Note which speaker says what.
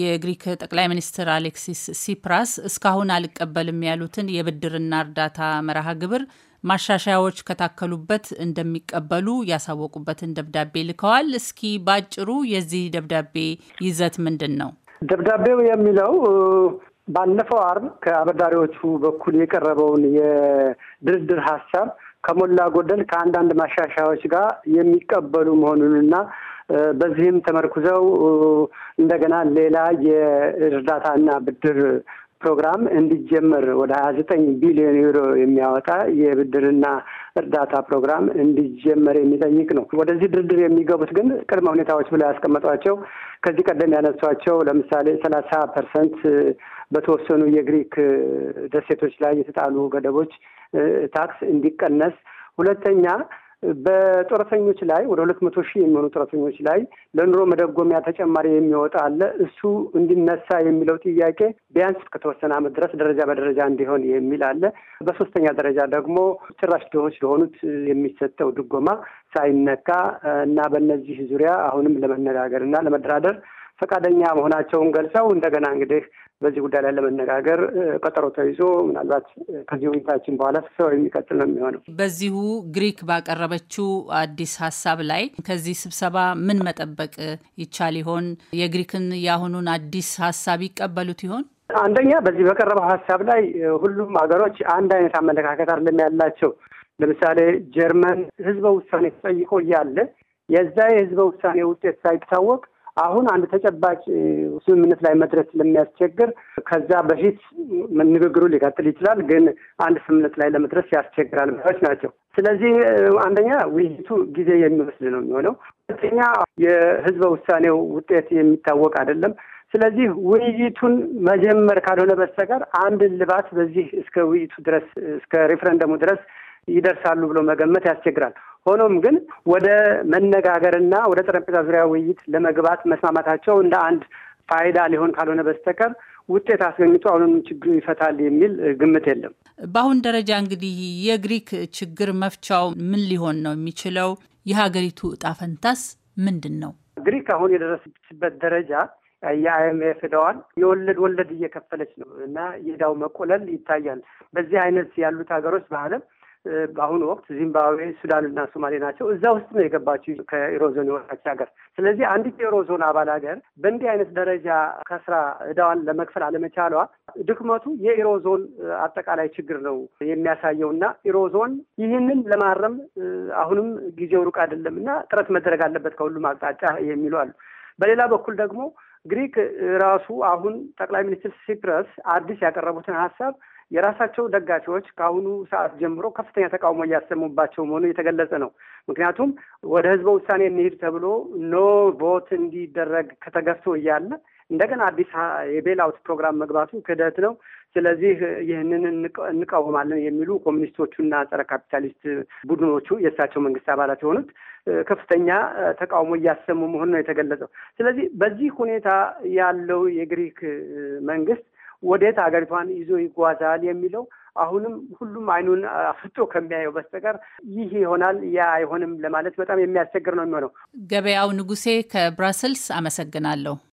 Speaker 1: የግሪክ ጠቅላይ ሚኒስትር አሌክሲስ ሲፕራስ እስካሁን አልቀበልም ያሉትን የብድርና እርዳታ መርሃ ግብር ማሻሻያዎች ከታከሉበት እንደሚቀበሉ ያሳወቁበትን ደብዳቤ ልከዋል። እስኪ ባጭሩ የዚህ ደብዳቤ ይዘት ምንድን ነው?
Speaker 2: ደብዳቤው የሚለው ባለፈው አርብ ከአበዳሪዎቹ በኩል የቀረበውን የድርድር ሀሳብ ከሞላ ጎደል ከአንዳንድ ማሻሻያዎች ጋር የሚቀበሉ መሆኑንና በዚህም ተመርኩዘው እንደገና ሌላ የእርዳታና ብድር ፕሮግራም እንዲጀመር ወደ ሀያ ዘጠኝ ቢሊዮን ዩሮ የሚያወጣ የብድርና እርዳታ ፕሮግራም እንዲጀመር የሚጠይቅ ነው። ወደዚህ ድርድር የሚገቡት ግን ቅድመ ሁኔታዎች ብለው ያስቀመጧቸው ከዚህ ቀደም ያነሷቸው ለምሳሌ ሰላሳ ፐርሰንት በተወሰኑ የግሪክ ደሴቶች ላይ የተጣሉ ገደቦች ታክስ እንዲቀነስ፣ ሁለተኛ በጡረተኞች ላይ ወደ ሁለት መቶ ሺህ የሚሆኑ ጡረተኞች ላይ ለኑሮ መደጎሚያ ተጨማሪ የሚወጣ አለ። እሱ እንዲነሳ የሚለው ጥያቄ ቢያንስ እስከተወሰነ ዓመት ድረስ ደረጃ በደረጃ እንዲሆን የሚል አለ። በሶስተኛ ደረጃ ደግሞ ጭራሽ ድሆች ለሆኑት የሚሰጠው ድጎማ ሳይነካ እና በእነዚህ ዙሪያ አሁንም ለመነጋገር እና ለመደራደር ፈቃደኛ መሆናቸውን ገልጸው እንደገና እንግዲህ በዚህ ጉዳይ ላይ ለመነጋገር ቀጠሮ ተይዞ ምናልባት ከዚህ ውይይታችን በኋላ ስብሰባ የሚቀጥል ነው የሚሆነው።
Speaker 1: በዚሁ ግሪክ ባቀረበችው አዲስ ሀሳብ ላይ ከዚህ ስብሰባ ምን መጠበቅ ይቻል ይሆን? የግሪክን የአሁኑን አዲስ ሀሳብ ይቀበሉት ይሆን?
Speaker 2: አንደኛ በዚህ በቀረበው ሀሳብ ላይ ሁሉም ሀገሮች አንድ አይነት አመለካከት አለም ያላቸው። ለምሳሌ ጀርመን ህዝበ ውሳኔ ተጠይቆ እያለ የዛ የህዝበ ውሳኔ ውጤት ሳይታወቅ አሁን አንድ ተጨባጭ ስምምነት ላይ መድረስ ስለሚያስቸግር ከዛ በፊት ንግግሩ ሊቀጥል ይችላል፣ ግን አንድ ስምምነት ላይ ለመድረስ ያስቸግራል ባዮች ናቸው። ስለዚህ አንደኛ ውይይቱ ጊዜ የሚወስድ ነው የሚሆነው። ሁለተኛ የህዝበ ውሳኔው ውጤት የሚታወቅ አይደለም። ስለዚህ ውይይቱን መጀመር ካልሆነ በስተቀር አንድ ልባት በዚህ እስከ ውይይቱ ድረስ እስከ ሪፍረንደሙ ድረስ ይደርሳሉ ብሎ መገመት ያስቸግራል። ሆኖም ግን ወደ መነጋገርና ወደ ጠረጴዛ ዙሪያ ውይይት ለመግባት መስማማታቸው እንደ አንድ ፋይዳ ሊሆን ካልሆነ በስተቀር ውጤት አስገኝቶ አሁንም ችግሩ ይፈታል የሚል ግምት የለም።
Speaker 1: በአሁን ደረጃ እንግዲህ የግሪክ ችግር መፍቻው ምን ሊሆን ነው የሚችለው? የሀገሪቱ እጣ ፈንታስ ምንድን ነው?
Speaker 2: ግሪክ አሁን የደረሰችበት ደረጃ የአይኤምኤፍ ዕዳዋን የወለድ ወለድ እየከፈለች ነው እና የዳው መቆለል ይታያል። በዚህ አይነት ያሉት ሀገሮች በዓለም በአሁኑ ወቅት ዚምባብዌ፣ ሱዳንና ሶማሌ ናቸው። እዛ ውስጥ ነው የገባችው ከኢሮዞን የወጣች ሀገር። ስለዚህ አንዲት የኢሮዞን አባል ሀገር በእንዲህ አይነት ደረጃ ከስራ እዳዋን ለመክፈል አለመቻሏ ድክመቱ የኢሮዞን አጠቃላይ ችግር ነው የሚያሳየው እና ኢሮዞን ይህንን ለማረም አሁንም ጊዜው ሩቅ አይደለም እና ጥረት መደረግ አለበት ከሁሉም አቅጣጫ የሚሉ አሉ። በሌላ በኩል ደግሞ ግሪክ ራሱ አሁን ጠቅላይ ሚኒስትር ሲፕረስ አዲስ ያቀረቡትን ሀሳብ የራሳቸው ደጋፊዎች ከአሁኑ ሰዓት ጀምሮ ከፍተኛ ተቃውሞ እያሰሙባቸው መሆኑ የተገለጸ ነው። ምክንያቱም ወደ ህዝበ ውሳኔ እንሂድ ተብሎ ኖ ቮት እንዲደረግ ከተገፍቶ እያለ እንደገና አዲስ የቤላውት ፕሮግራም መግባቱ ክህደት ነው። ስለዚህ ይህንን እንቃወማለን የሚሉ ኮሚኒስቶቹና ጸረ ካፒታሊስት ቡድኖቹ የእሳቸው መንግስት አባላት የሆኑት ከፍተኛ ተቃውሞ እያሰሙ መሆኑ ነው የተገለጸው። ስለዚህ በዚህ ሁኔታ ያለው የግሪክ መንግስት ወዴት ሀገሪቷን ይዞ ይጓዛል የሚለው አሁንም ሁሉም አይኑን አፍጦ ከሚያየው በስተቀር ይህ ይሆናል ያ አይሆንም ለማለት በጣም የሚያስቸግር ነው የሚሆነው።
Speaker 1: ገበያው ንጉሴ ከብራስልስ አመሰግናለሁ።